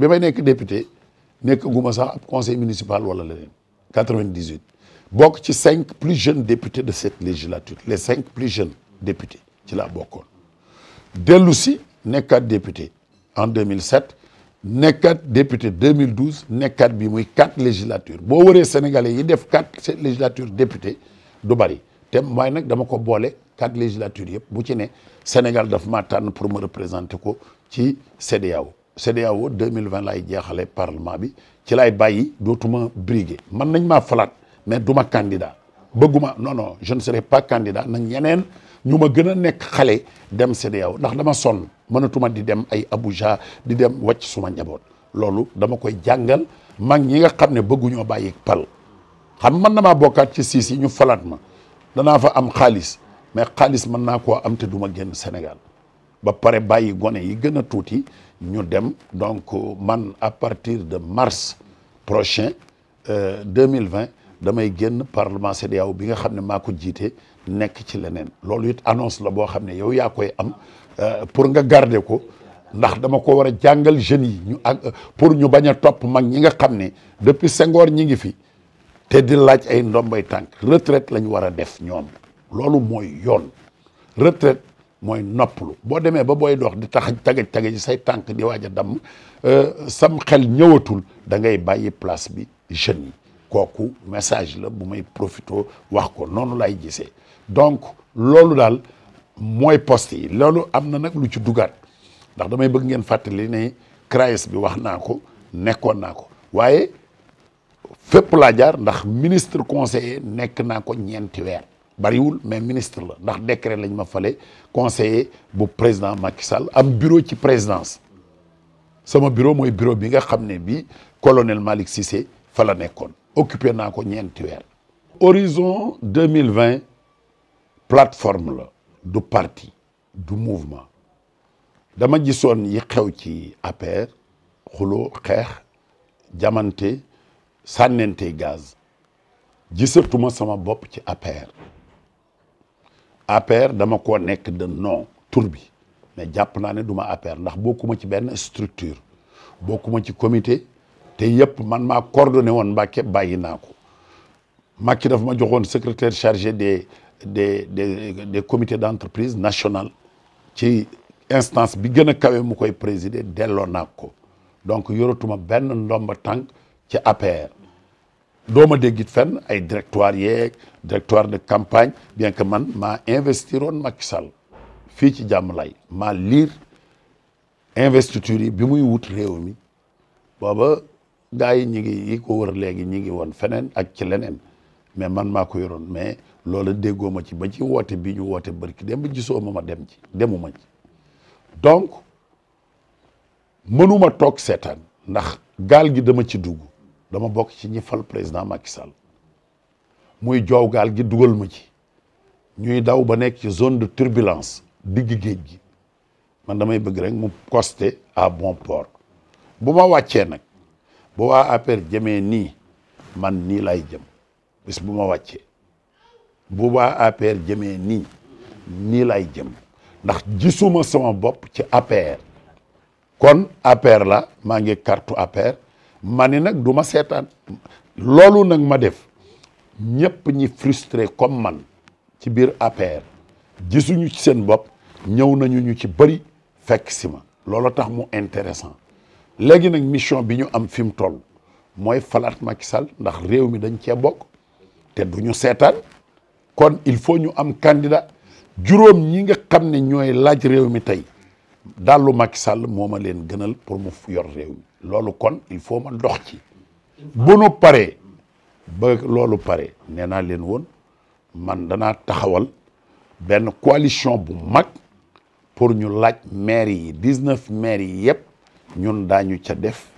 bi may nekk député nekk guma sax ab conseil municipal wala leneen 98 bokk ci cinq plus jeunes député de cette législature les cinq plus jeunes députés ci laa bokkoon dellu si nekkaat député en 2007 nekkaat député 2012 nekkaat bi muy quatre législatures boo waree sénégalais yi def quatre législatures député du bari te mooy nag dama ko boole quatre législatures yëpp bu ci ne Sénégal daf ma tànn pour me représenter ko ci CEDEAO CEDEAO e 2020 laay jeexale parlement bi ci laay bàyyi dootuma briguer man nañ maa falaat mais du ma candidat bëgguma non non je ne serai pas candidat nag ñeneen ñu ma gën a nekk xale dem CEDEAO ndax dama sonn mënatuma di dem ay Abuja di dem wàcc suma njaboot loolu dama koy jàngal mag ñi nga xam ne bëgguñoo bàyyi pal xam man na maa bokkaat ci siis yi ñu falaat ma danaa fa am xaalis mais xaalis mën naa ko am te du ma génn Sénégal ba pare bàyyi gone yi gën a tuuti ñu dem donc man à partir de mars prochain euh, deux mille vingt damay génn parlement CEDEAO bi nga xam ne maa ko jiite nekk ci leneen loolu it annonce la boo xam ne yow yaa koy am euh, pour nga garde ko ndax dama ko war a jàngal jeunes yi ñu ak pour ñu bañ a topp mag ñi nga xam ne depuis Senghor ñi ngi fi te di laaj ay ndombay tànk retraite la ñu war a def ñoom loolu mooy yoon retraite mooy noppalu boo demee ba booy dox di tax tage tage say tànk di waaj a damm euh, sam xel ñëwatul da ngay bàyyi place bi jeunes yi kooku message la bu may profito wax ko noonu lay gisee donc loolu daal mooy poste yi loolu am na nag lu ci dugaat ndax damay bëgg ngeen fàttali ne CRAES bi wax naa ko nekkoon naa ko waaye fépp laa jaar ndax ministre conseiller nekk naa ko ñeenti weer bariwul mais ministre la ndax décret lañ ma fale conseiller bu président Macky Sall am bureau ci présidence sama bureau mooy bureau bi nga xam ne bi colonel Malick Cissé fa la nekkoon occupé naa ko ñeenti weer. horizon deux mille vingt plateforme la du parti du mouvement dama gisoon yi xew ci APR xuloo xeex jamante sànnente gaz gisatuma sama bopp ci APR APR dama koo nekk de non tur bi mais jàpp naa ne du ma APR ndax bokkuma ci benn structure bokkuma ci comité te yëpp man ma maa coordonné woon Mbàkke bàyyi naa ko Macky daf ma joxoon secrétaire chargé des des des des comités d' entreprise national ci instance bi gën a kawe mu koy présider delloo naa ko donc yoratuma benn ndomba tànk ci APR. doo ma déggit fenn ay directoire yee directoire de campagne bien que man maa investiroon Macky Sall fii ci Diamalaye maa liir investiture yi bi muy wut réew mi booba gars yi ñi ngi yi ko wër léegi ñi ngi woon feneen ak ci leneen mais man maa ko yoroon mais loola déggoo ma ci ba ci woote bi ñu woote barki dem ba gisoo ma ma dem ci ma ci donc mënuma toog seetaan ndax gaal gi dama ci dugg dama bokk ci ñi fal président Macky Sall muy joow gaal gi dugal ma ci ñuy daw ba nekk ci zone de turbulence digg géej gi man damay bëgg rek mu costé à bon port bu ma wàccee nag bu waa APR jëmee nii man nii lay jëm bis bu ma wàccee bu waa APR jëmee nii nii lay jëm ndax gisuma sama bopp ci APR kon APR la maa ngi kartu APR ma ni nag du ma seetaan loolu nag ma def ñëpp ñi frustré comme man ci biir APR gisuñu ci seen bopp ñëw nañu ñu ci bëri fekk si ma loolu tax mu intéressant léegi nag mission bi ñu am fi mu toll mooy falaat Macky Sall ndax réew mi dañ cee bokk te du ñu seetaan kon il faut ñu am candidat juróom ñi nga xam ne ñooy laaj réew mi tey dallu Macky Sall moom ma leen gënal pour mu yor réew mi loolu kon il faut ma dox ci bu nu paree ba loolu pare nee naa leen woon man danaa taxawal benn coalition bu mag pour ñu laaj maire yi dix-neuf maire yi yëpp ñun daañu ca def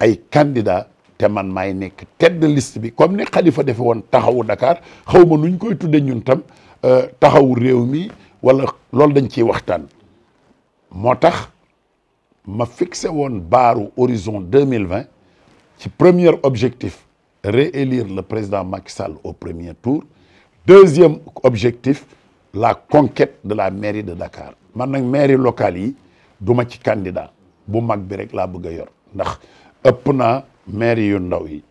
ay candidat te man maay nekk tête de bi comme ni Khalifa defe woon taxawu Dakar xaw ma nuñ koy tudde ñun tam euh, taxawu réew mi wala loolu dañ ciy waxtaan moo tax ma fixé woon baaru horizon deux mille vingt ci premier objectif réélire le président Macky Sall au premier tour deuxième objectif la conquête de la mairie de Dakar man nag mairie locale yi du ma ci bu mag bi rek laa bëgg a yor ndax ëpp naa mairie yu ndaw yi